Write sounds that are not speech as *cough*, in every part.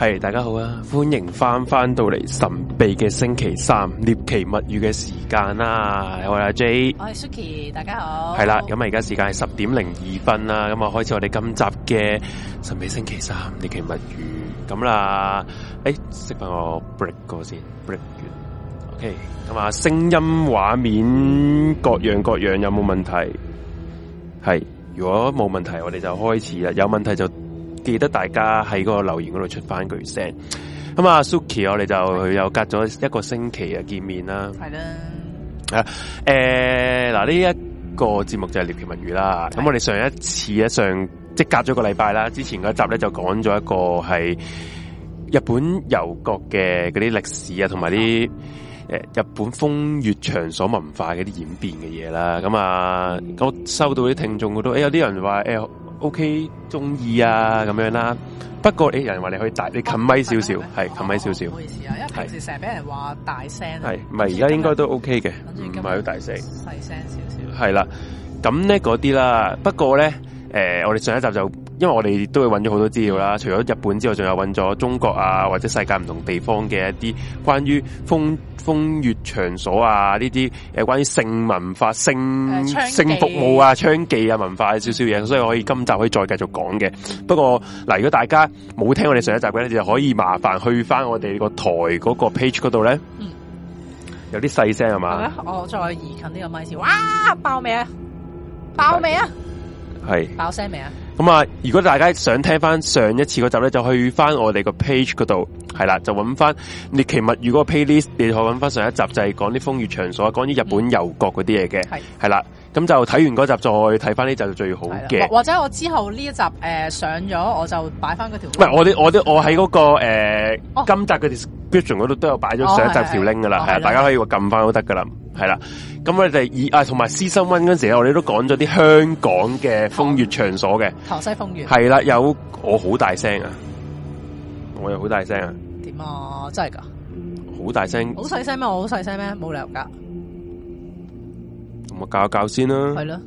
係大家好啊，歡迎翻翻到嚟神秘嘅星期三獵奇物語嘅時間啦！Hello, Jay 我係阿 J，我係 Suki，大家好。係啦，咁啊，而家時間係十點零二分啦，咁啊，開始我哋今集嘅神秘星期三獵奇物語咁啦。誒、哎，試下我 break 過先，break 完，OK。咁啊，聲音、畫面各樣各樣、各樣有冇問題？係、嗯，如果冇問題，我哋就開始啦。有問題就。記得大家喺嗰個留言嗰度出翻句聲，咁啊 Suki，我哋就又隔咗一個星期啊見面啦，係啦，啊，誒嗱呢一個節目就係獵奇物語啦，咁我哋上一次啊上即隔咗個禮拜啦，之前嗰集咧就講咗一個係日本遊國嘅嗰啲歷史啊，同埋啲誒日本風月場所文化嗰啲演變嘅嘢啦，咁啊我收到啲聽眾嗰度，誒有啲人話誒。O K，中意啊咁樣啦。不過你、欸、人話你可以大，你近咪少少，係近咪少少。唔、啊哦啊、好意思啊，因為平時成日俾人話大聲。係唔係而家應該都 O K 嘅，唔係好大聲，細聲少少。係啦，咁咧嗰啲啦。不過咧、呃，我哋上一集就。因為我哋都去揾咗好多資料啦，除咗日本之外，仲有揾咗中國啊，或者世界唔同地方嘅一啲關於風風月場所啊，呢啲誒，關於性文化、性、呃、性服務啊、娼妓啊文化少少嘢，所以可以今集可以再繼續講嘅。不過嗱、呃，如果大家冇聽我哋上一集嘅咧，你就可以麻煩去翻我哋個台嗰個 page 嗰度咧。有啲細聲係嘛、嗯？我再移近呢個麥先。哇！爆未啊？爆未啊？係。爆聲未啊？咁、嗯、啊！如果大家想聽翻上一次嗰集咧，就去翻我哋個 page 嗰度，係啦，就揾翻你《其物如果 playlist 你可揾翻上一集，就係講啲風月場所，講啲日本遊國嗰啲嘢嘅，係、嗯、啦。咁就睇完嗰集再睇翻呢集就最好嘅，或者我之後呢一集誒、呃、上咗，我就擺翻嗰條。唔係我啲我啲我喺嗰、那個誒今、呃哦、集嘅 description 嗰度都有擺咗上一集條 link 噶啦，係、哦、大家可以撳翻都得噶啦。係啦，咁我哋以啊，同埋私生温嗰陣時候我哋都講咗啲香港嘅風月場所嘅，頭西風月係啦，有我好大聲啊，我又好大聲啊，點啊？真係噶，好大聲，好細聲咩？我好細聲咩？冇理由噶，咁我教一教先啦、啊，係啦。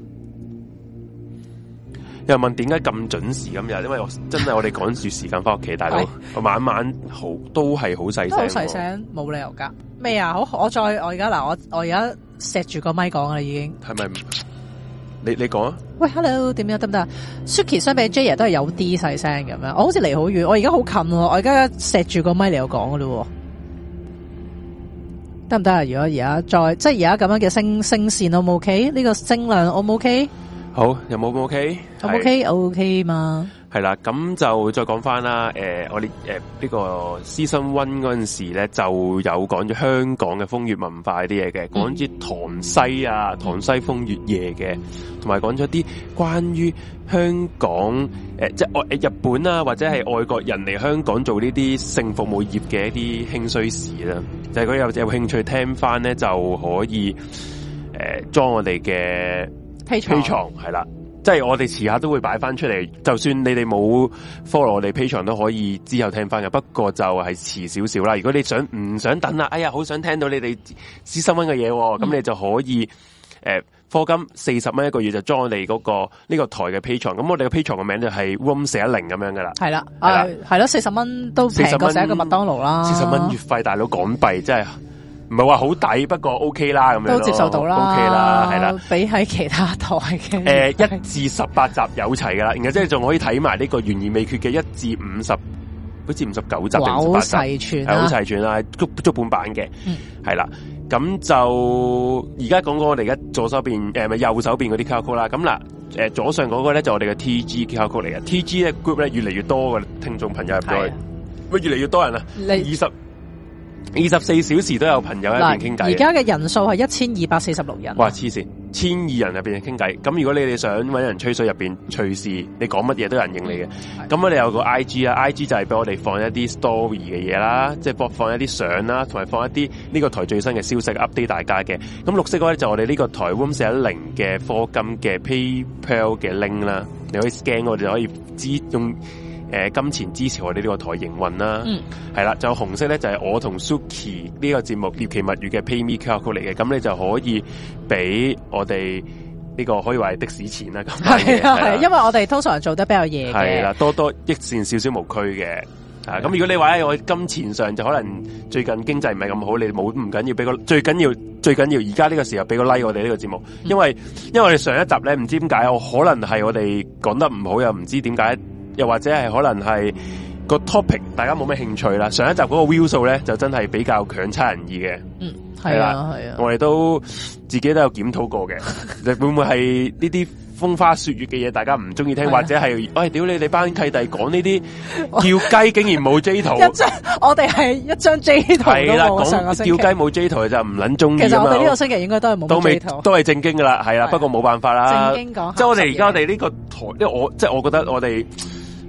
又問點解咁準時咁樣？因為我真係我哋趕住時間翻屋企，大佬， *laughs* 我晚晚好都係好細聲，好細聲，冇理由噶。咩啊？好，我再我而家嗱，我我而家錫住個麥講啦，已經係咪？你你講啊？喂，Hello，點樣得唔得？Suki 相比 Jay 都係有啲細聲咁樣。我好似離好遠，我而家好近咯。我而家錫住個麥嚟我講噶啦，得唔得啊？如果而家再即係而家咁樣嘅聲聲線，O 唔 OK？呢個聲量，O 唔 OK？好有冇？O K，O K，O K 嘛？係啦，咁就再講翻啦。誒、呃，我哋誒、呃這個、呢個 Season 1嗰陣時咧，就有講咗香港嘅風月文化啲嘢嘅，講啲唐西啊，唐西風月夜嘅，同埋講咗啲關於香港誒、呃，即係外誒日本啊，或者係外國人嚟香港做呢啲性服務業嘅一啲興衰事啦。就係如果有有興趣聽翻咧，就可以誒裝、呃、我哋嘅。Patreon 係啦，即係我哋遲下都會擺翻出嚟。就算你哋冇 follow 我哋 Patreon 都可以之後聽翻嘅。不過就係遲少少啦。如果你想，唔想等啦，哎呀，好想聽到你哋私心蚊嘅嘢，咁、嗯、你就可以誒，課金四十蚊一個月就裝我哋嗰個呢、這個台嘅 Patreon。咁我哋嘅 Patreon 嘅名就係 Room 四一零，咁樣噶啦。係啦，係啦，係咯，四十蚊都平過食一個麥當勞啦。四十蚊月費大佬港幣真係。唔係話好抵，不過 O、OK、K 啦，咁樣都接受到啦，O K 啦，係、OK、啦，比喺其他台嘅、呃。誒，一至十八集有齊噶啦，然 *laughs* 後即係仲可以睇埋呢個懸而未決嘅一至五十，好似五十九集定五十八集，係好齊全，啊呃齊全半板嗯、啦，足足本版嘅，係、呃、啦。咁就而家講講我哋而家左手邊，誒咪右手邊嗰啲歌曲啦。咁嗱，誒左上嗰個咧就是、我哋嘅 T G 歌曲嚟嘅，T G 咧 group 咧越嚟越多嘅聽眾朋友入去，咪、啊、越嚟越多人啊，二十。二十四小時都有朋友喺度傾偈。而家嘅人數係一千二百四十六人。哇，黐線，千二人入邊傾偈。咁如果你哋想搵人吹水入邊，隨時你講乜嘢都有人應你嘅。咁我哋有一個 I G 啊，I G 就係俾我哋放一啲 story 嘅嘢啦，即、嗯、係播放一啲相啦，同埋放一啲呢個台最新嘅消息 update 大家嘅。咁綠色嗰咧就是我哋呢個台、mm -hmm. room 四一零嘅科金嘅 PayPal 嘅 link 啦，你可以 scan 我哋可以知道用。誒，金錢支持我哋呢個台營運啦，係啦，就紅色咧就係、是、我同 Suki 呢個節目《獵奇物語》嘅 Pay Me 曲嚟嘅，咁你就可以俾我哋呢、這個可以話係的士錢啦。係啊，係，因為我哋通常做得比較夜係係啦，多多一善少，少少無區嘅。啊，咁如果你話喺、哎、我金錢上，就可能最近經濟唔係咁好，你冇唔緊要，俾個最緊要最緊要而家呢個時候俾個 like 我哋呢個節目，因為、嗯、因為我哋上一集咧唔知點解，我可能係我哋講得唔好，又唔知點解。又或者係可能係個 topic，大家冇咩興趣啦。上一集嗰個 view 數咧，就真係比較強差人意嘅。嗯，係啦、啊，係啊，啊，我哋都自己都有檢討過嘅。 *laughs* 會唔會係呢啲風花雪月嘅嘢，大家唔中意聽、啊？或者係，喂、哎，屌你哋班契弟講呢啲叫雞竟然冇 J 圖？ *laughs* 一張，我哋係一張 J 圖。係啦、啊，講叫雞冇 J 圖就唔捻中意。其實我哋呢個星期應該都係冇。都未，都係正經噶啦，係啦、啊啊。不過冇辦法啦。正經講，即係我哋而家我哋呢個台，因為我即係我覺得我哋。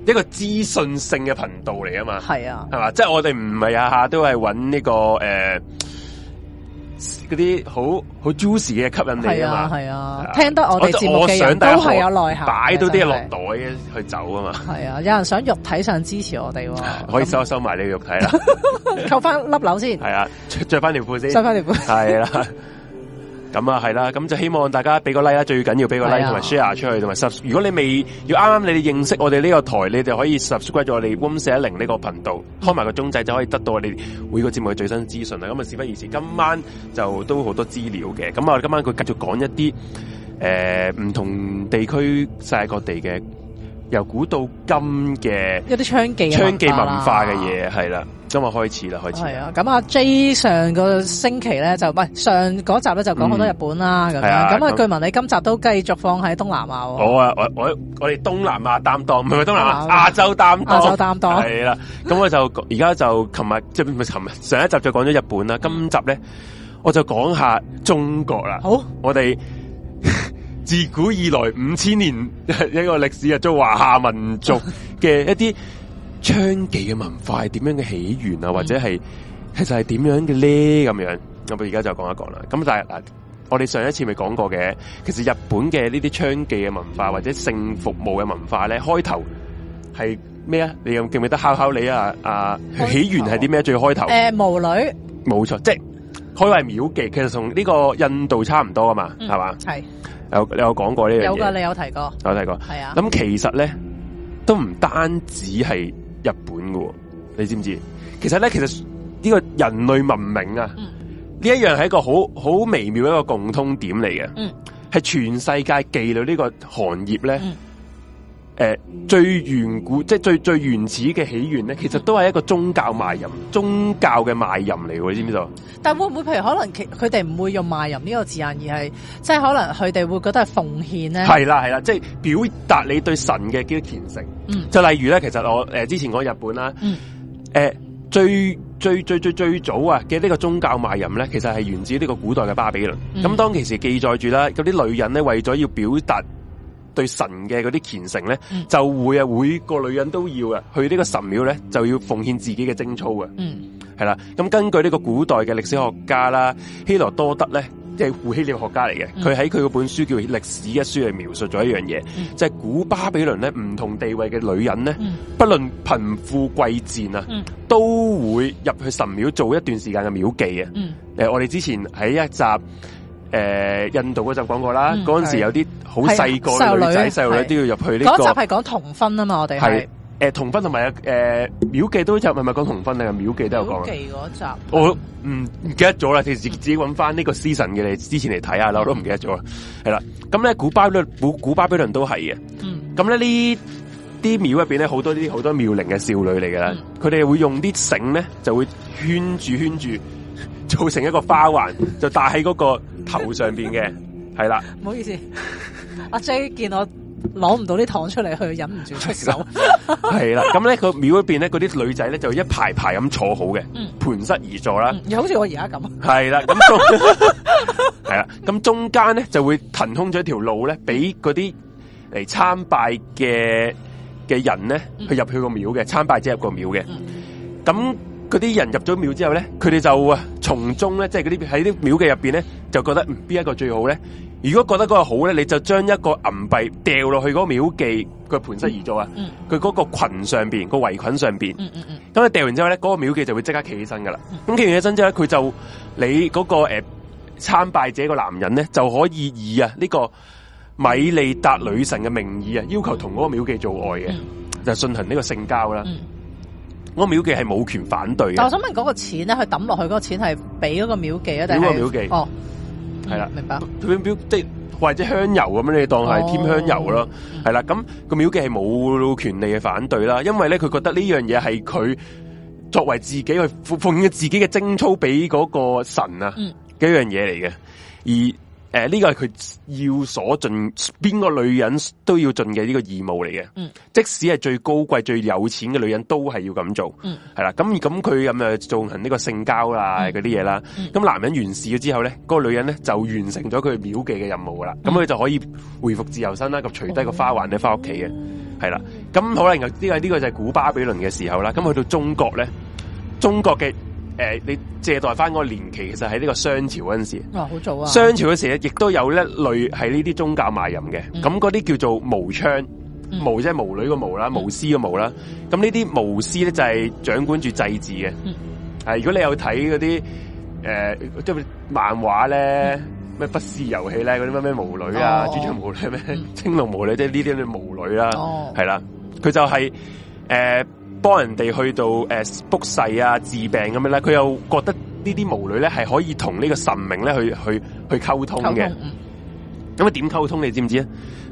一個資訊性嘅頻道嚟啊嘛，係、就、啊、是這個，係、呃、嘛，即係我哋唔係下下都係搵呢個誒，嗰啲好好 juicy 嘅吸引力啊嘛，係啊，啊、聽得我哋節目嘅人都係有內涵，擺到啲嘢落袋去走的嘛是啊嘛，係啊，有人想肉體上支持我哋、啊，可以收收埋你肉體啦 *laughs* 扣翻上粒鈕先，係啊，着着翻條褲先，收翻條褲，係啦。咁啊，係啦，咁就希望大家俾個 like 啦，最緊要俾個 like 同埋 share 出去，同埋 subscribe。如果你未要啱啱你哋認識我哋呢個台，你哋可以 subscribe 咗我哋 w n e 一零呢個頻道，開埋個鐘仔就可以得到我哋每個節目嘅最新資訊啦。咁啊，事不宜遲，今晚就都好多資料嘅。咁啊，今晚佢繼續講一啲誒唔同地區世界各地嘅。由古到今嘅一啲娼妓、娼妓文化嘅嘢係啦，今日開始啦，開始係啊。咁阿 J 上個星期咧就喂，上嗰集咧就講好多日本啦，咁、嗯、樣。咁啊，據聞你今集都繼續放喺東南亞。好啊，我我我哋東南亞擔當，唔係東南亞？亞洲擔當，亞洲擔當。係啦，咁我就而家 *laughs* 就琴日即係，係琴日，日，日上一集就講咗日本啦，今集咧我就講下中國啦。好，我哋。 *laughs* 自古以來五千年一個歷史啊，做華夏民族嘅一啲娼妓嘅文化係點樣嘅起源啊， *laughs* 或者係其實係點樣嘅咧？咁樣咁，我而家就講一講啦。咁但係嗱，我哋上一次咪講過嘅，其實日本嘅呢啲娼妓嘅文化或者性服務嘅文化咧，開頭係咩啊？你又記唔記得考考 *laughs* 你啊？啊，起源係啲咩最開頭？誒、呃，巫女，冇錯，即係開為廟妓，其實同呢個印度差唔多啊嘛，係、嗯、嘛，係。係有你有講過呢樣嘢，有噶你有提過，有提過，係啊。咁其實咧，都唔單止係日本噶，你知唔知？其實咧，其實呢個人類文明啊，呢一樣係一個好好微妙一個共通點嚟嘅，係、嗯、全世界妓女呢個行業咧。嗯誒、呃，最遠古即係最最原始嘅起源咧，其實都係一個宗教賣淫，宗教嘅賣淫嚟嘅，你知唔知道？但會唔會譬如可能其佢哋唔會用賣淫呢個字眼，而係即係可能佢哋會覺得係奉獻咧？係啦係啦，即係表達你對神嘅叫虔誠、嗯。就例如咧，其實我誒、呃、之前講日本啦，誒、嗯呃、最最最最最早啊嘅呢個宗教賣淫咧，其實係源自呢個古代嘅巴比倫。咁、嗯、當其時記載住啦，嗰啲女人咧為咗要表達。對神嘅嗰啲虔誠咧，就會啊每個女人都要嘅，去呢個神廟咧就要奉獻自己嘅貞操嘅。嗯，係啦。咁根據呢個古代嘅歷史學家啦，希羅多德咧即係古希臘學家嚟嘅，佢喺佢嗰本書叫《歷史》嘅書嚟描述咗一樣嘢，即、嗯、係、就是、古巴比倫咧唔同地位嘅女人咧、嗯，不論貧富貴賤啊、嗯，都會入去神廟做一段時間嘅廟妓啊。誒，我哋之前喺一集，誒、呃，印度嗰集講過啦，嗰、嗯、陣時有啲好細個女仔、細路女，女都要入去呢、這個。嗰集係講童婚啊嘛，我哋係誒童婚同埋誒廟記都集係咪講童婚啊？廟、呃、記都有講。廟記嗰集，我唔唔、嗯、記得咗啦，其、嗯、實自己搵翻呢個 season 嘅之前嚟睇下啦，我都唔記得咗。係啦，咁咧古巴比古古巴比倫都係嘅。咁、嗯、咧呢啲廟入邊咧好多啲好多妙齡嘅少女嚟嘅啦，佢、嗯、哋會用啲繩咧就會圈住圈住。做成一個花環，就戴喺嗰個頭上邊嘅，係 *laughs* 啦。唔好意思， *laughs* 阿姐見我攞唔到啲糖出嚟，去忍唔住出手。係 *laughs* 啦是的，咁 *laughs* 咧，佢廟嗰邊咧，嗰啲女仔咧就一排一排咁坐好嘅，盤、嗯、膝而坐啦。又好似我而家咁。係啦，咁係啦，咁 *laughs* 中間咧就會騰空咗條路咧，俾嗰啲嚟參拜嘅嘅人咧去入去個廟嘅參拜者，即入個廟嘅。咁。嗰啲人入咗廟之後咧，佢哋就啊從中咧，即係嗰啲喺啲廟記入邊咧，就覺得嗯邊一個最好咧。如果覺得嗰個好咧，你就將一個銀幣掉落去嗰個廟記盤室、嗯、個盤膝而坐啊。佢嗰個裙上邊個圍裙上邊，咁你掉完之後咧，嗰、那個廟記就會即刻企起身噶啦。咁企完起身之後，佢就你嗰、那個誒參、呃、拜者個男人咧就可以以啊呢個米利達女神嘅名義啊，要求同嗰個廟記做愛嘅、嗯嗯，就進行呢個性交啦。嗯我個廟記係冇權反對嘅。但我想問嗰個錢咧，佢抌落去嗰個錢係俾嗰個廟記啊，定係哦，係、嗯、啦，明白。即係或者香油咁樣，你當係添香油咯。係、哦、啦，咁個廟記係冇權利嘅反對啦，因為咧佢覺得呢樣嘢係佢作為自己去奉獻自己嘅貞操俾嗰個神啊，一樣嘢嚟嘅而。誒，呢個係佢要所盡，邊個女人都要盡嘅呢個義務嚟嘅，嗯。即使係最高貴、最有錢嘅女人都係要咁做，係，嗯，啦。咁咁佢咁啊，進行呢個性交啦，嗰啲嘢啦。咁，嗯，男人完事咗之後咧，嗰、嗰個女人咧就完成咗佢廟妓嘅任務噶啦。咁，嗯，佢就可以恢復自由身啦，咁除低個花環咧，返屋企嘅，係啦。咁好啦，呢個呢個就係古巴比倫嘅時候啦。咁去到中國咧，中國嘅。誒，你借貸翻嗰個年期，其實喺呢個商朝嗰陣時，哇，好早啊！商朝嗰時候亦都有一類係呢啲宗教賣淫嘅，咁嗰啲叫做巫娼、嗯，巫即係巫女嘅巫啦，巫師嘅巫啦，咁呢啲巫師咧就係掌管住祭祀嘅。係、嗯、如果你有睇嗰啲誒即係漫畫咧，咩、嗯、不思遊戲咧，嗰啲咩咩巫女啊，專唱巫女咩青龍巫女，即係呢啲咁巫女啦，係、就、啦、是啊，佢、哦、就係、是、誒。呃幫人哋去到誒卜細啊治病咁樣咧，佢又覺得呢啲巫女咧係可以同呢個神明咧去去去溝通嘅。咁啊點溝通？你知唔知啊？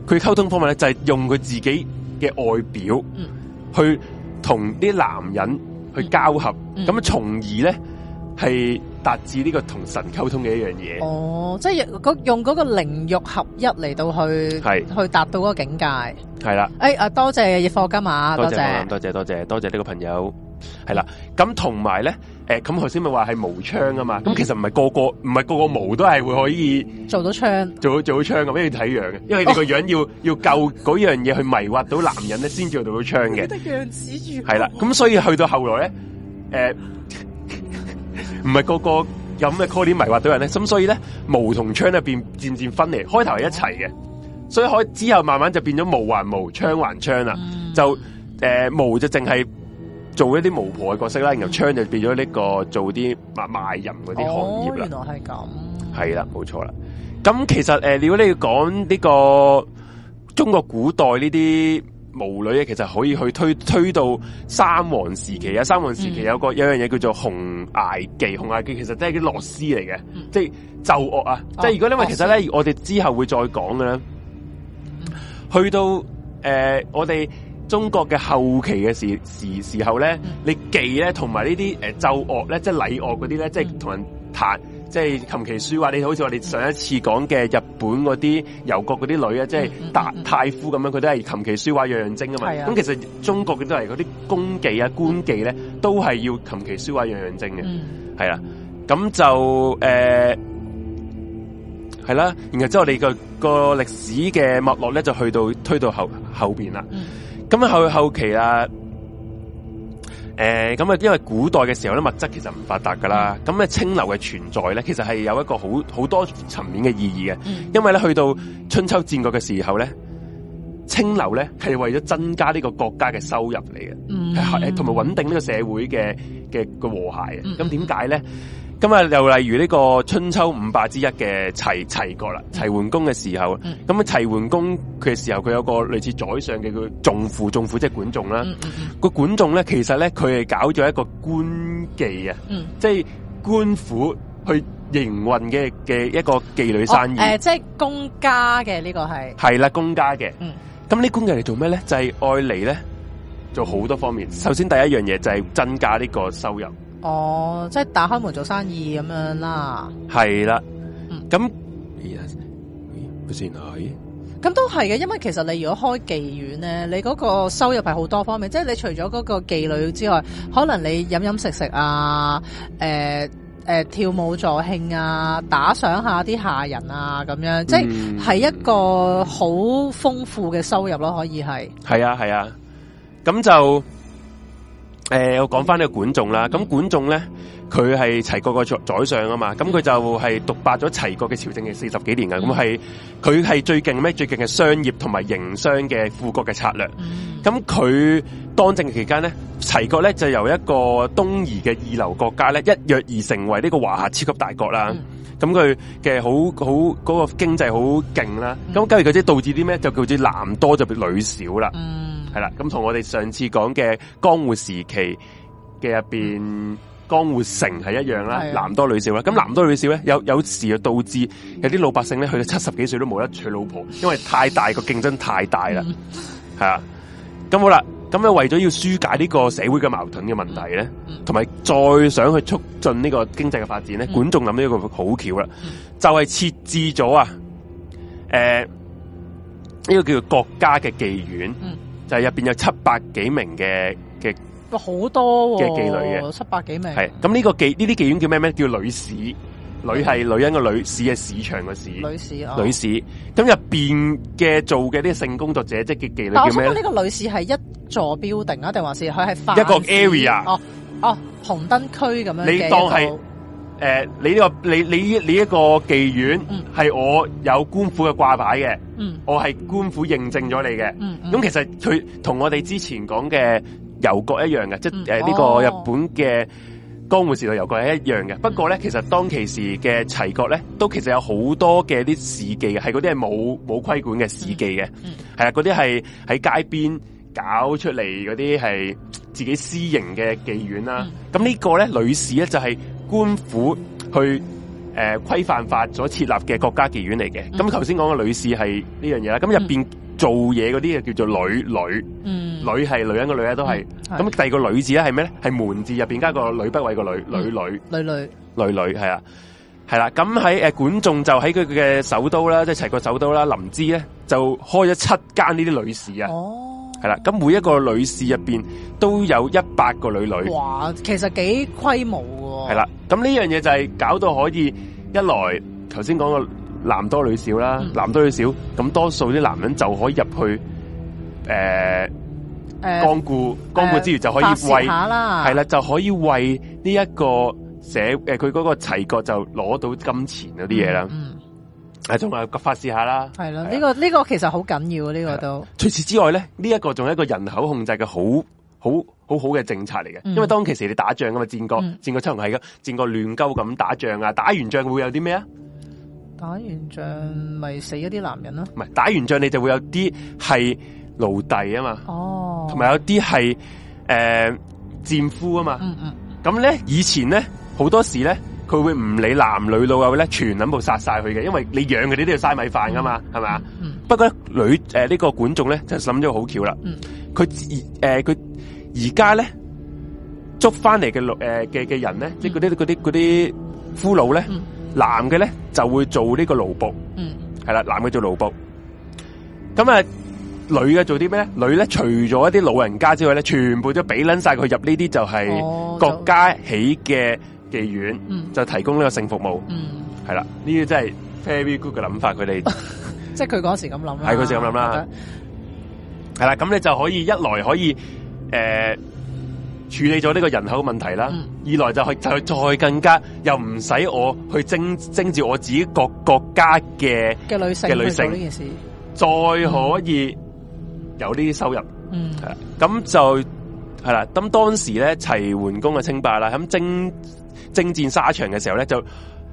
佢溝通方法咧就係、是、用佢自己嘅外表、嗯、去同啲男人去交合，咁、嗯、啊、嗯、從而咧係。達至呢個同神溝通嘅一樣嘢，哦，即係用嗰個靈肉合一嚟到去達去達到個境界，係啦、哎，誒多謝熱貨金啊，多謝，多謝，多謝，多謝，多謝呢個朋友、嗯，係啦，咁同埋咧，誒，咁頭先咪話係無槍啊嘛，咁其實唔係個個唔係個個毛都係會可以做到槍，做做槍咁，因為睇樣嘅，因為你個樣要、oh、要夠嗰樣嘢去迷惑到男人咧，先至做到做槍嘅，得樣子係啦，咁所以去到後來咧，誒、欸。唔係個個咁嘅 c a l l 迷惑到人咧，咁所以咧，毛同槍就變漸漸分離，開頭係一齊嘅，所以開之後慢慢就變咗毛還毛，槍還槍啦，嗯、就誒、呃、毛就淨係做一啲巫婆嘅角色啦，然後槍就變咗呢個做啲賣淫嗰啲行業啦、哦哦。原來係咁，係啦，冇錯啦。咁其實誒、呃，如果你要講呢個中國古代呢啲，巫女咧，其實可以去推推到三皇時期啊！三皇時期有個有一樣嘢叫做紅崖記，紅崖記其實都係啲樂師嚟嘅，即係奏樂啊！哦、即係如果因為其實咧，我哋之後會再講嘅咧，去到誒、呃、我哋中國嘅後期嘅時時時候咧、嗯，你記咧同埋呢啲誒奏樂咧，即係禮樂嗰啲咧，即係同人彈。即係琴棋書畫，你好似我哋上一次講嘅日本嗰啲遊國嗰啲女啊，嗯嗯嗯嗯，即係達太夫咁樣，佢都係琴棋書畫樣樣精㗎嘛。咁其實中國嘅都係嗰啲宮妓啊、官妓咧，都係要琴棋書畫樣樣精嘅。係、嗯、啦、嗯啊，咁就誒係啦，然後之後你個、那個歷史嘅脈絡咧，就去到推到後後邊啦。咁、嗯嗯、後後期啊。誒，咁啊，因為古代嘅時候咧，物質其實唔發達㗎喇，咁咧青樓嘅存在咧，其實係有一個好好多層面嘅意義嘅，嗯，因為咧去到春秋戰國嘅時候咧，青樓咧係為咗增加呢個國家嘅收入嚟嘅，係同埋穩定呢個社會嘅嘅個和諧啊，咁點解咧？嗯咁啊，又例如呢個春秋五霸之一嘅齊齊國啦，齊桓公嘅時候，咁啊齊桓公嘅時候，佢有個類似宰相嘅叫仲父，仲父即係管仲啦。個、嗯嗯嗯、管仲咧，其實咧佢係搞咗一個官妓啊，即、嗯、係、就是、官府去營運嘅嘅一個妓女生意。誒、哦呃，即係公家嘅呢、這個係。係啦，公家嘅。咁、嗯、呢官妓嚟做咩咧？就係愛嚟咧，做好多方面。首先第一樣嘢就係增加呢個收入。哦，即係打開門做生意咁樣啦，係啦，咁、嗯、咁、嗯、都係嘅。因為其實你如果開妓院咧，你嗰個收入係好多方面，即係你除咗嗰個妓女之外，可能你飲飲食食啊，誒誒跳舞助興啊，打賞下啲下人啊，咁樣，嗯、即係係一個好豐富嘅收入咯，可以係。係啊係啊，咁就。誒，我講翻呢個管仲啦。咁管仲咧，佢係齊國嘅宰相啊嘛。咁佢就係獨霸咗齊國嘅朝政嘅四十幾年嘅。咁係佢係最勁咩？最勁嘅商業同埋營商嘅富國嘅策略。咁佢當政期間咧，齊國咧就由一個東夷嘅二流國家咧，一躍而成為呢個華夏超級大國啦。咁佢嘅好好嗰個經濟好勁啦。咁假如佢即係導致啲咩，就叫做男多就比女少啦。係啦，咁同我哋上次講嘅江戶時期嘅入邊江戶城係一樣啦，男、嗯、多女少啦，咁、嗯、男多女少咧，有有時就導致有啲老百姓咧去到七十幾歲都冇得娶老婆，因為太大個競爭太大啦，係、嗯、啊，咁好啦，咁啊為咗要紓解呢個社會嘅矛盾嘅問題咧，同、嗯、埋再想去促進呢個經濟嘅發展咧、嗯，管仲諗到一個好巧啦、嗯，就係、是、設置咗啊，誒、呃、呢、這個叫做國家嘅妓院。嗯就係入邊有七百幾名嘅嘅，好多嘅、啊、妓女嘅，七百幾名。係咁呢個妓呢啲妓院叫咩咩？叫女市，女係女人個女，市係市場個市，女市啊，哦、女市，咁入邊嘅做嘅啲性工作者即係嘅妓女叫咩咧？呢、這個女市係一座 building 啊，定還是佢係一個 area？哦哦，紅燈區咁樣你當係。誒、呃，你呢、這個你你呢一個妓院係我有官府嘅掛牌嘅，我係官府認證咗你嘅。咁、嗯嗯、其實佢同我哋之前講嘅遊廓一樣嘅、嗯，即係誒呢個日本嘅江戶時代遊廓係一樣嘅。不過咧、嗯，其實當其時嘅齊國咧，都其實有好多嘅啲私妓嘅，係嗰啲係冇冇規管嘅私妓嘅，係、嗯、啊，嗰啲係喺街邊搞出嚟嗰啲係自己私營嘅妓院啦、啊。咁、嗯、呢個咧，女士咧就係、是。官府去誒規範化所設立嘅國家妓院嚟嘅，咁頭先講嘅女士係呢樣嘢啦，咁入邊做嘢嗰啲就叫做女女，嗯，女係女人個女咧都係，咁、嗯、第二個女字咧係咩咧？係門字入邊加個呂不韋個女，女，女，女、嗯，女女，女女，女女係啊，係啦，咁喺誒管仲就喺佢嘅首都啦，即係齊國首都啦，臨淄咧就開咗七間呢啲女士啊。哦係啦，咁每一個女士入面都有一百個女女。哇，其實幾規模嘅。係啦，咁呢樣嘢就係搞到可以一來，頭先講過男多女少啦，嗯、男多女少，咁多數啲男人就可以入去誒誒光顧光顧之餘、呃，就可以為下啦。係、呃、啦，佢齊角就可以為呢一個社誒佢嗰個齊國就攞到金錢嗰啲嘢啦、嗯。嗯同埋發發試下啦，係啦呢個呢、這個其實好緊要呢、這個都。除此之外咧，呢、這、一個仲一個人口控制嘅好好好好嘅政策嚟嘅、嗯，因為當其時你打仗㗎嘛，戰國、嗯、戰國出係噶，戰國亂鳩咁打仗啊，打完仗會有啲咩啊？打完仗咪、就是、死一啲男人咯、啊，唔係打完仗你就會有啲係奴隸啊嘛，哦，同埋有啲係誒戰俘啊嘛，嗯嗯，咁咧以前咧好多時咧。佢會唔理男女老幼咧，會全撚部殺晒佢嘅，因為你養佢哋都要嘥米飯噶嘛，係咪啊？不過女誒、呃這個、呢個管仲咧就諗咗好巧啦。佢而誒佢而家咧捉翻嚟嘅誒嘅嘅人咧、嗯，即係嗰啲啲啲俘虜咧、嗯，男嘅咧就會做呢個勞部，係、嗯、啦，男嘅做勞部。咁、嗯、啊、嗯嗯，女嘅做啲咩咧？女咧除咗一啲老人家之外咧，全部都俾捻晒佢入呢啲，就係國家起嘅。妓院就提供呢個性服務，係、嗯、啦，呢啲真係 very good 嘅諗法，佢哋即係佢嗰時咁諗啦，係佢時咁諗啦，係啦，咁你就可以一來可以誒、呃、處理咗呢個人口問題啦、嗯，二來就去就再更加又唔使我去徵徵召我自己國國家嘅嘅女性嘅女性呢件事，再可以有呢啲收入，嗯，咁就。係啦，咁當時咧，齊桓公嘅稱霸啦，咁征征戰沙場嘅時候咧，就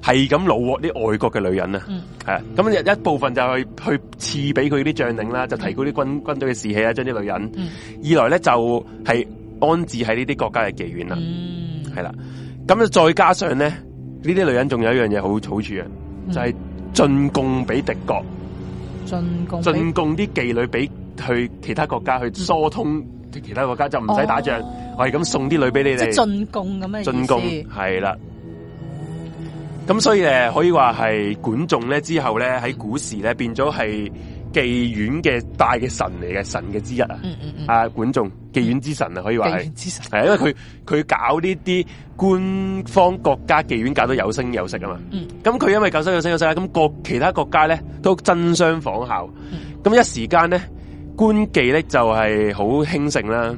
係咁擄獲啲外國嘅女人啊，係、嗯、啊，咁一一部分就去去賜俾佢啲將領啦，就提高啲軍軍隊嘅士氣啊，將啲女人，嗯、二來咧就係安置喺呢啲國家嘅妓院、嗯、啦，係啦，咁再加上咧，呢啲女人仲有一樣嘢好好處啊，就係進貢俾敵國，進貢進貢啲妓女俾去其他國家去疏通、嗯。其他國家就唔使打仗，哦、我係咁送啲女俾你哋。即係進貢咁嘅意思。進貢係啦。咁所以咧，可以話係管仲咧之後咧，喺古時咧變咗係妓院嘅大嘅神嚟嘅神嘅之一啊、嗯嗯嗯。啊，管仲妓院之神啊，可以話係。妓院之神係因為佢佢搞呢啲官方國家妓院搞到有聲有色啊嘛。咁、嗯、佢因為有聲有色，有聲啦，咁各其他國家咧都爭相仿效。咁、嗯、一時間咧。官妓咧就係好興盛啦，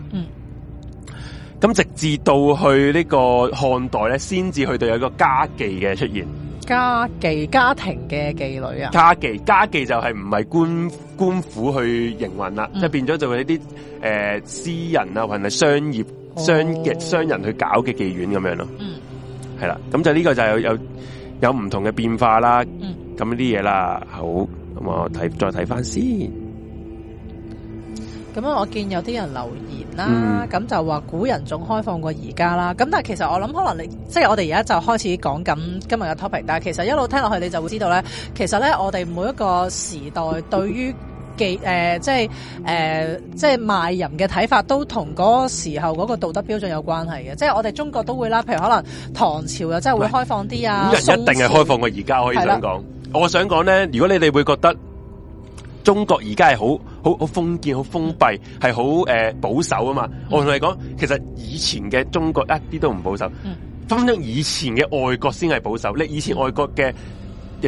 咁、嗯、直至到去呢個漢代咧，先至去到有一個家妓嘅出現。家妓，家庭嘅妓女啊？家妓，家妓就係唔係官，官府去營運啦，即、嗯、係變咗就係啲誒私人啊，或者商業商嘅、哦、商人去搞嘅妓院咁樣咯。嗯，係啦，咁就呢個就有有有唔同嘅變化啦。咁呢啲嘢啦，好，咁我睇再睇翻先。嗯咁我見有啲人留言啦、啊，咁就話古人仲開放過而家啦。咁但係其實我諗可能你即係我哋而家就開始講緊今日嘅 topic，但係其實一路聽落去你就會知道咧，其實咧我哋每一個時代對於、呃、即係、呃、即係賣淫嘅睇法都同嗰時候嗰個道德標準有關係嘅。即係我哋中國都會啦，譬如可能唐朝又真係會開放啲啊，一定係開放過而家。可以想講，我想講咧，如果你哋會覺得中國而家係好好好封建、好封閉，係好誒保守啊嘛！嗯、我同你講，其實以前嘅中國一啲都唔保守，嗯、分分鐘以前嘅外國先係保守。你以前外國嘅。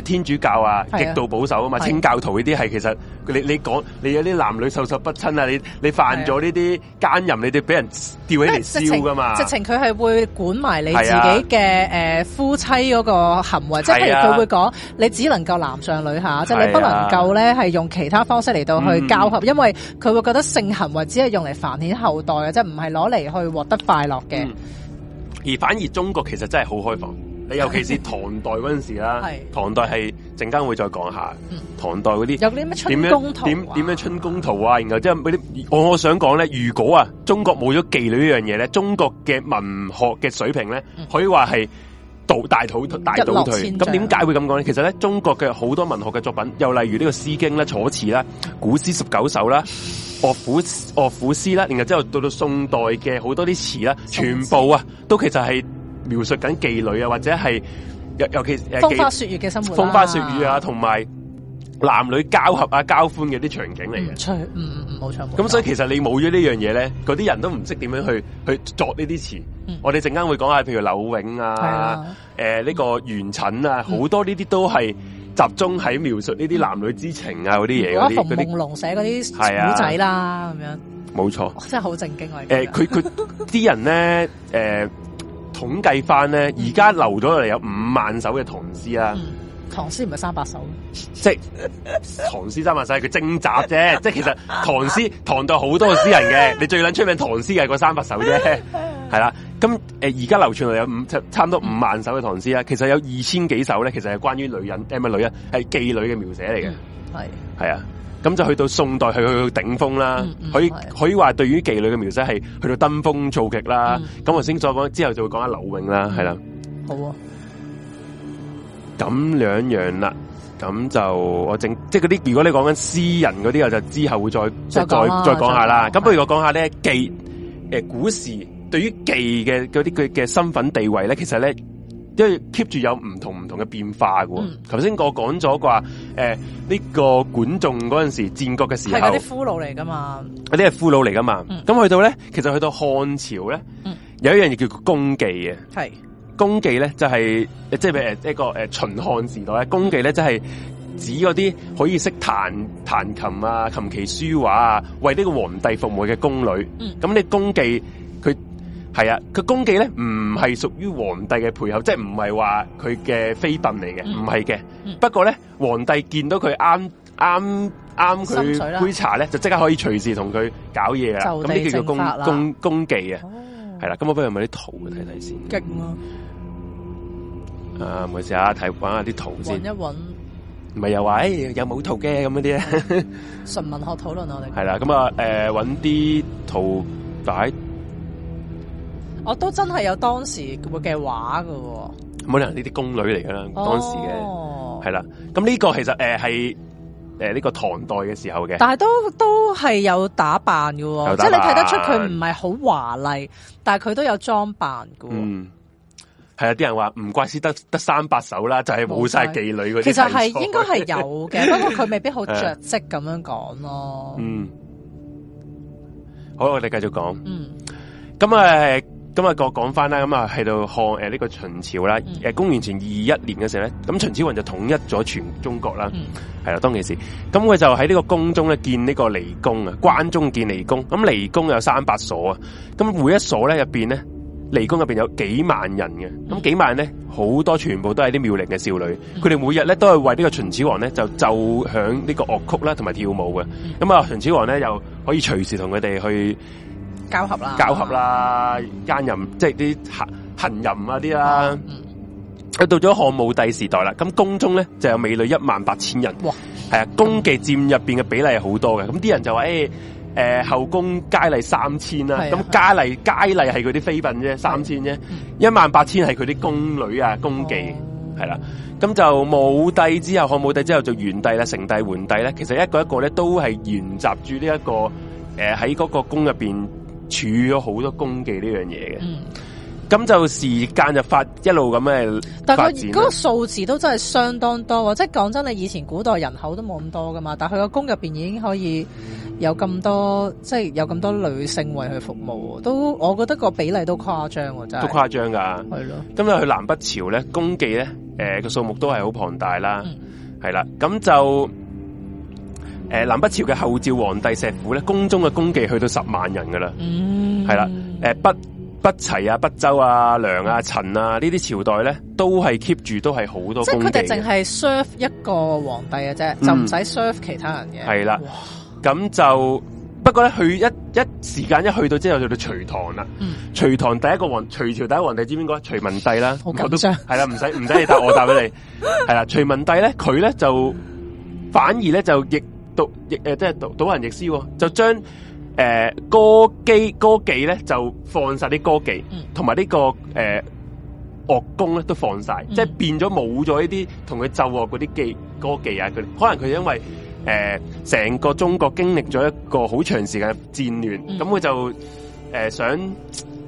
天主教啊,啊，極度保守嘛啊嘛，清教徒呢啲係其實你你講你有啲男女授受,受不親啊，你你犯咗呢啲奸淫，你哋俾人吊起嚟燒噶㗎嘛？直情佢係會管埋你自己嘅誒、啊呃、夫妻嗰個行為，即係譬如佢會講、啊、你只能夠男上女下，即係、啊就是、你不能夠咧係用其他方式嚟到去交合，嗯、因為佢會覺得性行為只係用嚟繁衍後代嘅，即係唔係攞嚟去獲得快樂嘅、嗯。而反而中國其實真係好開放。你尤其是唐代嗰陣時啦， *laughs* 唐代係陣間會再講下、嗯、唐代嗰啲，點樣點點樣春宮圖啊？然後即係啲，我我想講咧，如果啊，中國冇咗妓女呢樣嘢咧，中國嘅文學嘅水平咧、嗯，可以話係倒大倒大倒、嗯、退。咁點解會咁講咧？其實咧，中國嘅好多文學嘅作品，又例如呢個《詩經》咧、《楚辭》啦、《古詩十九首》啦、樂府樂府詩啦，然後之後到到宋代嘅好多啲詞啦，全部啊都其實係。描述緊妓女啊，或者係尤尤其是風花雪月嘅生活，啊，風花雪月啊，同埋男女交合啊、交歡嘅啲場景嚟嘅，嗯嗯嗯，冇錯。咁所以其實你冇咗呢樣嘢咧，嗰啲人都唔識點樣去去作呢啲詞。我哋陣間會講下，譬如柳永啊，誒呢個元稹啊，好、呃這個啊嗯，多呢啲都係集中喺描述呢啲男女之情啊嗰啲嘢。嗰啲馮夢龍寫嗰啲古仔啦，啊，咁，啊，樣，冇錯，真係好正經誒，佢佢啲人咧，誒、呃。統計翻咧，而家流咗落嚟，有五萬首嘅唐詩啦、啊嗯。唐詩唔係三百首，即係唐詩三百首係佢精集啫。 *laughs* 即係其實唐詩唐代好多嘅詩人嘅，你最捻出名唐詩係嗰三百首啫。係 *laughs* 啦，咁誒而家流傳嚟有五差唔多五萬首嘅唐詩啦、啊。其實有二千幾首咧，其實係關於女人，係咪女啊？係妓女嘅描寫嚟嘅，係係啊。咁就去到宋代去去到頂峰啦，可以可以話對於妓女嘅描寫係去到登峰造極啦。咁頭先所講之後就會講下柳永啦、嗯，係啦。好啊，咁兩樣啦，咁就我正即係嗰啲，如果你講緊私人嗰啲我就之後會再再再講下啦。咁不如我講下咧妓誒古時對於妓嘅嗰啲佢嘅身份地位咧，其實咧因為 keep 住有唔同唔同嘅變化嘅、啊嗯。頭先我講咗話誒。呢、這個管仲嗰陣時候，戰國嘅時候係啲俘虜嚟噶嘛？嗰啲係俘虜嚟噶嘛？咁、嗯、去到咧，其實去到漢朝咧、嗯，有一樣嘢叫宮妓嘅，係、嗯、呢，宮妓咧就係、是、即係誒、嗯呃，一個誒、呃、秦漢時代咧，宮妓咧即係指嗰啲可以識彈彈琴啊、琴棋書畫啊，為呢個皇帝服務嘅宮女。咁呢宮妓佢。係啊，佢功技咧唔係屬於皇帝嘅配偶，即係唔係話佢嘅妃嬪嚟嘅，唔係嘅。不過咧，皇帝見到佢啱啱啱佢杯茶咧，就即刻可以隨時同佢搞嘢啊。咁呢叫做功功功，功技啊，係啦、啊。咁我不如問啲圖睇睇先。勁、嗯、咯、啊。啊，咪試下睇玩下啲圖先。搵一搵。唔係又話誒、欸，有冇圖嘅咁嗰啲純文學討論我哋。係啦，咁啊，誒、啊，搵、呃、啲圖擺。我都真係有當時嘅畫㗎喎，冇可能呢啲宮女嚟噶啦，當時嘅係啦。咁、哦、呢個其實誒係誒呢個唐代嘅時候嘅，但係都都係有打扮喎、哦。扮即係你睇得出佢唔係好華麗，但係佢都有裝扮㗎喎、哦嗯。係啊，啲人話唔怪之得得三百首啦，就係冇晒妓女嗰啲。其實係應該係有嘅， *laughs* 不過佢未必好着跡咁樣講咯。嗯，嗯，好，我哋繼續講。嗯，嗯，咁、呃、啊。咁我講翻啦，咁啊喺度看誒呢個秦朝啦，誒公元前二一年嘅時候咧，咁秦始皇就統一咗全中國啦，係、嗯、啦，當其時，咁佢就喺呢個宮中咧建呢個離宮啊，關中建離宮，咁離宮有三百所啊，咁每一所咧入邊咧，離宮入邊有幾萬人嘅，咁幾萬咧好多全部都係啲妙齡嘅少女，佢、嗯、哋每日咧都係為呢個秦始皇咧就奏響呢個樂曲啦，同埋跳舞嘅，咁、嗯、啊秦始皇咧又可以隨時同佢哋去。交合啦，交合啦，奸、嗯、淫即係啲行行淫嗰啲啦。佢、嗯嗯、到咗漢武帝時代啦，咁宮中咧就有美女一萬八千人。哇，係啊，宮妓佔入邊嘅比例係好多嘅。咁啲人就話誒，誒、欸呃、後宮佳麗三千啦。咁佳麗佳麗係佢啲妃嬪啫，三千啫，一萬八千係佢啲宮女啊，宮妓係啦。咁、嗯啊啊、就武帝之後，漢武帝之後就元帝啦、成帝、桓帝咧。其實一個一個咧都係沿襲住呢一個誒喺嗰個宮入邊。處咗好多功技呢樣嘢嘅，咁就時間就發一路咁嘅發展，嗰個數字都真係相當多喎。即係講真，你以前古代人口都冇咁多噶嘛，但係佢個宮入邊已經可以有咁多，即係有咁多女性為佢服務，都我覺得個比例都誇張喎。真係都誇張噶，係咯、嗯。咁啊，佢南北朝咧，功技咧，誒、呃，個數目都係好龐大啦，係、嗯、啦，咁就。嗯誒，南北朝嘅後趙皇帝石虎咧，宮中嘅宮妓，去到十萬人噶啦，係、嗯、啦，誒，北北齊啊，北周啊，梁啊，陳啊，呢啲朝代咧，都係 keep 住都係好多攻擊，即係佢哋淨係 serve 一個皇帝嘅啫、嗯，就唔使 serve 其他人嘅，係啦，咁就不過咧，去一一時間一去到之後就到隋唐啦，隋、嗯、唐第一個皇隋朝第一皇帝知邊個知？隋文帝啦，好高尚，係啦，唔使唔使你答我答俾你！係 *laughs* 啦，隋文帝咧，佢咧就反而咧就亦。讀亦誒，即係讀《杜人易書》，就將誒歌姬、歌妓咧就放晒啲歌妓，同埋呢個誒樂工咧都放晒，即係變咗冇咗呢啲同佢奏樂嗰啲技歌妓啊，佢可能佢因為誒成、呃、個中國經歷咗一個好長時間嘅戰亂，咁、嗯、佢、嗯、就誒、呃、想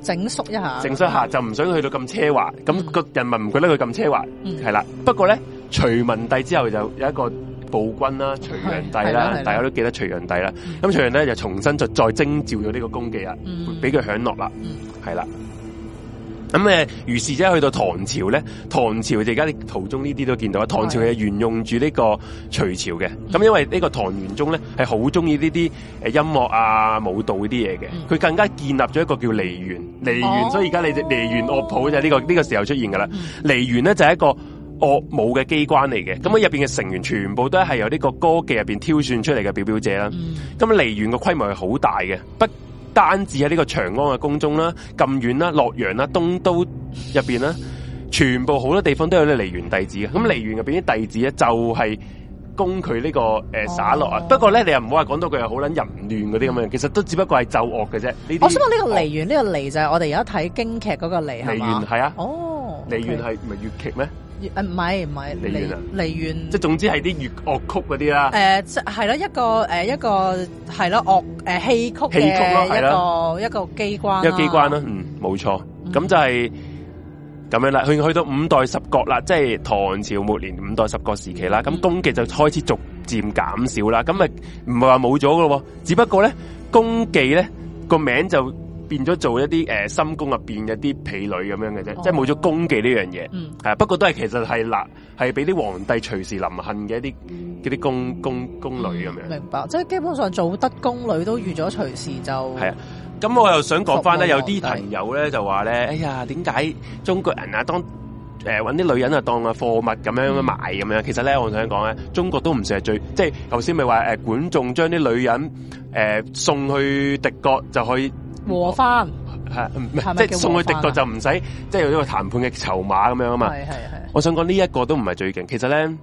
整縮一下，整縮下、嗯、就唔想去到咁奢華，咁、嗯、個人民唔覺得佢咁奢華，係、嗯、啦。不過咧，隋文帝之後就有一個。暴君啦，隋煬帝啦，大家都記得隋煬帝啦。咁隋煬帝咧就重新就再徵召咗呢個功績啦，俾、嗯、佢享樂啦，係、嗯、啦。咁誒，於、呃、是者去到唐朝咧，唐朝而家你途中呢啲都見到是，唐朝係沿用住呢個隋朝嘅。咁、嗯、因為呢個唐玄宗咧係好中意呢啲誒音樂啊、舞蹈嗰啲嘢嘅，佢、嗯、更加建立咗一個叫梨園，梨園、哦、所以而家你梨園樂譜就呢、這個呢、這個時候出現噶啦。梨園咧就係一個。樂舞嘅機關嚟嘅，咁啊入邊嘅成員全部都係由呢個歌技入邊挑選出嚟嘅表表姐啦。咁離梨園嘅規模係好大嘅，不單止喺呢個長安嘅宮中啦、咁遠啦、洛陽啦、東都入邊啦，全部好多地方都有啲梨園弟子，咁梨園入邊啲弟子咧、這個，就係供佢呢個誒耍落啊。哦、不過咧，你又唔好話講到佢係好捻淫亂嗰啲咁樣，嗯、其實都只不過係奏樂嘅啫。呢啲我想問呢個梨園呢個梨就係我哋而家睇京劇嗰個梨，梨園係啊，哦，梨園係唔係粵劇咩？唔係唔係，梨園啊！梨園即係總之係啲粵樂曲嗰啲啦。誒，即係啦，一個誒，一個係咯，樂誒，戲曲嘅一個一個機關。一個機關啦，嗯，冇錯。咁就係咁樣啦，去去到五代十國啦，即係唐朝末年五代十國時期啦。咁宮伎就開始逐漸減少啦。咁啊，唔係話冇咗噶，只不過咧，宮伎咧個名就。變咗做一啲誒、呃，深宮入邊嘅啲婢女咁樣嘅啫，oh. 即係冇咗宮妓呢樣嘢。係、mm. 啊，不過都係其實係嗱，係俾啲皇帝隨時臨幸嘅一啲嗰啲宮宮宮女咁樣、mm.。明白，即係基本上做得宮女都預咗隨時就係啊。咁我又想講翻咧，有啲朋友咧就話咧，哎呀，點解中國人啊，當誒搵啲女人啊當個貨物咁樣賣咁樣？Mm. 其實咧，我想講咧，中國都唔算係最，即係頭先咪話誒，管仲將啲女人誒、呃、送去敵國就去。和番係唔係即係送去敵國就唔使即係有呢個談判嘅籌碼咁樣啊嘛？係係係。我想講呢一個都唔係最勁，其實咧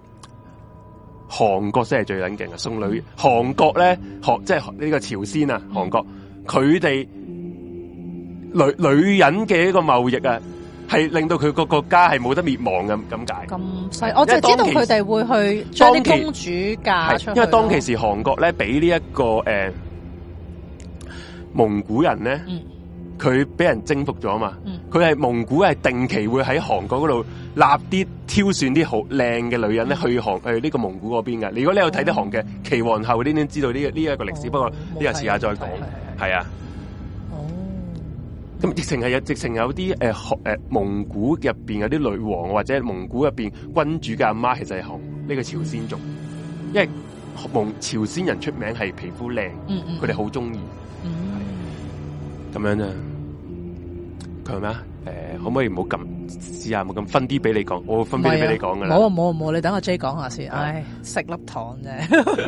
韓國先係最緊勁啊！送女韓國咧韓即係呢、就是、呢個朝鮮啊，韓國佢哋、嗯、女女人嘅呢個貿易啊，係令到佢個國家係冇得滅亡咁咁解。咁細！我就知道佢哋會去將啲公主嫁出因為當其時,時,時韓國咧俾呢一、呢個誒。呃蒙古人咧，佢、嗯、俾人征服咗嘛。佢、嗯、係蒙古係定期會喺韓國嗰度立啲挑選啲好靚嘅女人咧、嗯、去韓去呢個蒙古嗰邊噶。如果你有睇啲韓劇《奇、嗯、皇后》，呢啲知道呢呢一個歷史、哦。不過呢個遲下再講，係啊。咁、哦、直情係有直情有啲誒，誒、呃呃、蒙古入邊有啲女王，或者蒙古入邊君主嘅阿媽，其實係韓呢個朝鮮族、嗯，因為蒙朝鮮人出名係皮膚靚，佢哋好中意。嗯咁樣啫，佢係咩？誒、呃，可唔可以唔好咁試下，唔好咁分啲俾你講，我分啲俾你講㗎。啦、啊。冇啊冇啊冇，你等我 J 講下先。唉、啊哎，食粒糖啫， *laughs*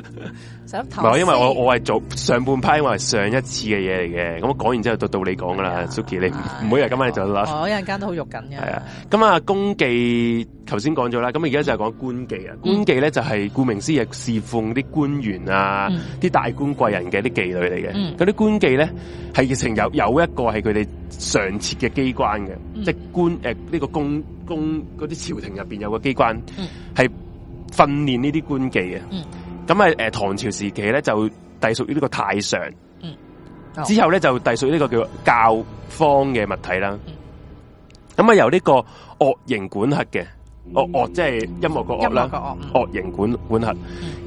食粒糖。唔係，因為我我係做上半批，因為我係上一次嘅嘢嚟嘅。咁我講完之後就到你講噶啦，Suki 你唔每日咁樣做啦。我一陣間都好肉緊嘅。係啊，咁啊，公記。頭先講咗啦，咁而家就係講官妓啊、嗯。官妓咧就係顧名思義，侍奉啲官員啊，啲、嗯、大官貴人嘅啲妓女嚟嘅。咁、嗯、啲官妓咧係形成有有一個係佢哋常設嘅機關嘅、嗯，即係官誒呢、呃這個公公嗰啲朝廷入邊有一個機關係、嗯、訓練呢啲官妓嘅。咁啊誒唐朝時期咧就隸屬於呢個太常、嗯哦，之後咧就隸屬於呢個叫教坊嘅物體啦。咁、嗯、啊由呢個惡刑管轄嘅。哦哦，即係音樂個惡啦，惡刑管管轄。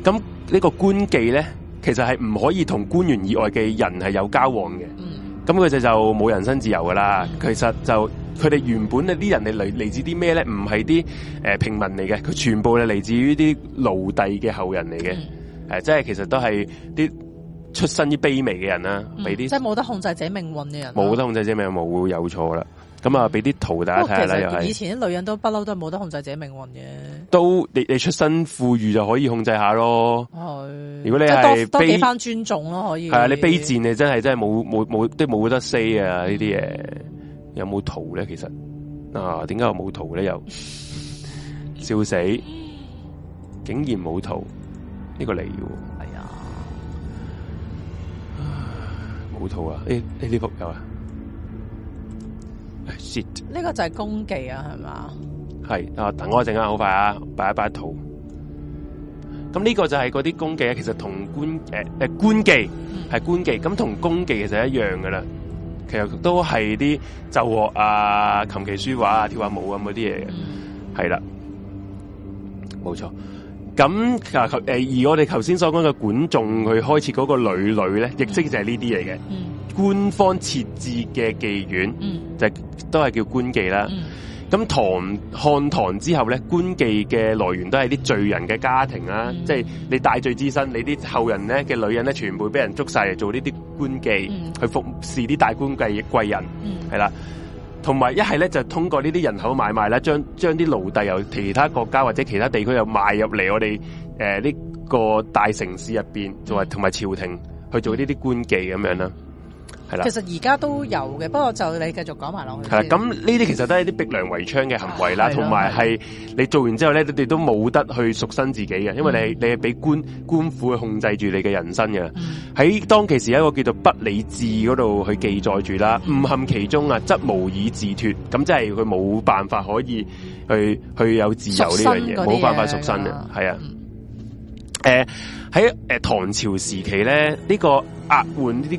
咁、嗯、呢個官妓咧，其實係唔可以同官員以外嘅人係有交往嘅。咁佢哋就冇人身自由噶啦、嗯。其實就佢哋原本咧啲人嚟，嚟自啲咩咧？唔係啲誒平民嚟嘅，佢全部係嚟自於啲奴隸嘅後人嚟嘅。誒、嗯啊，即係其實都係啲出身於卑微嘅人啦，俾、嗯、啲即係冇得控制者命運嘅人、啊，冇得控制者命運冇有錯啦。咁啊，俾啲圖大家睇下啦，又以前啲女人一都不嬲都係冇得控制自己命運嘅。都，你你出身富裕就可以控制下咯。如果你係多，多幾番尊重咯、啊，可以。係啊，你卑賤你真係真係冇冇冇都冇得 say 啊呢啲嘢。有冇圖咧？其實啊，點解又冇圖咧？又笑死！竟然冇圖呢、這個嚟喎，係、哎、啊。冇圖啊！呢呢呢幅有啊。呢個就係功技啊，係嘛？係啊，等我等一陣間，好快啊，擺一擺一套。咁呢個就係嗰啲功技啊，其實同官誒誒官技係官技，咁、嗯、同功技其實一樣噶啦。其實都係啲奏樂啊、琴棋書畫啊、跳下舞咁嗰啲嘢嘅，係啦，冇錯。咁誒、呃，而我哋頭先所講嘅管仲佢開設嗰個女女咧，亦即係呢啲嚟嘅。嗯官方設置嘅妓院，就、嗯、都係叫官妓啦。咁、嗯、唐漢唐之後咧，官妓嘅來源都係啲罪人嘅家庭啦，即、嗯、係、就是、你大罪之身，你啲後人咧嘅女人咧，全部俾人捉晒嚟做呢啲官妓、嗯，去服侍啲大官貴、貴人，係、嗯、啦。同埋一係咧，就通過呢啲人口買賣啦，將將啲奴隸由其他國家或者其他地區又買入嚟，我哋誒呢個大城市入邊做，同埋朝廷去做呢啲官妓咁樣啦。係啦，其實而家都有嘅，不過就你繼續講埋落去。係啦，咁呢啲其實都係啲逼良為娼嘅行為啦，同埋係你做完之後咧，你哋都冇得去贖身自己嘅，因為你係你係俾官、嗯、官府去控制住你嘅人生嘅。喺、嗯、當其時有一個叫做不理智嗰度去記載住啦，誤、嗯、陷其中啊，則無以自脫。咁即係佢冇辦法可以去去有自由呢樣嘢，冇辦法贖身嘅，係、嗯、啊、嗯。誒、嗯欸，喺誒、呃、唐朝時期咧，呢、這個壓換呢啲。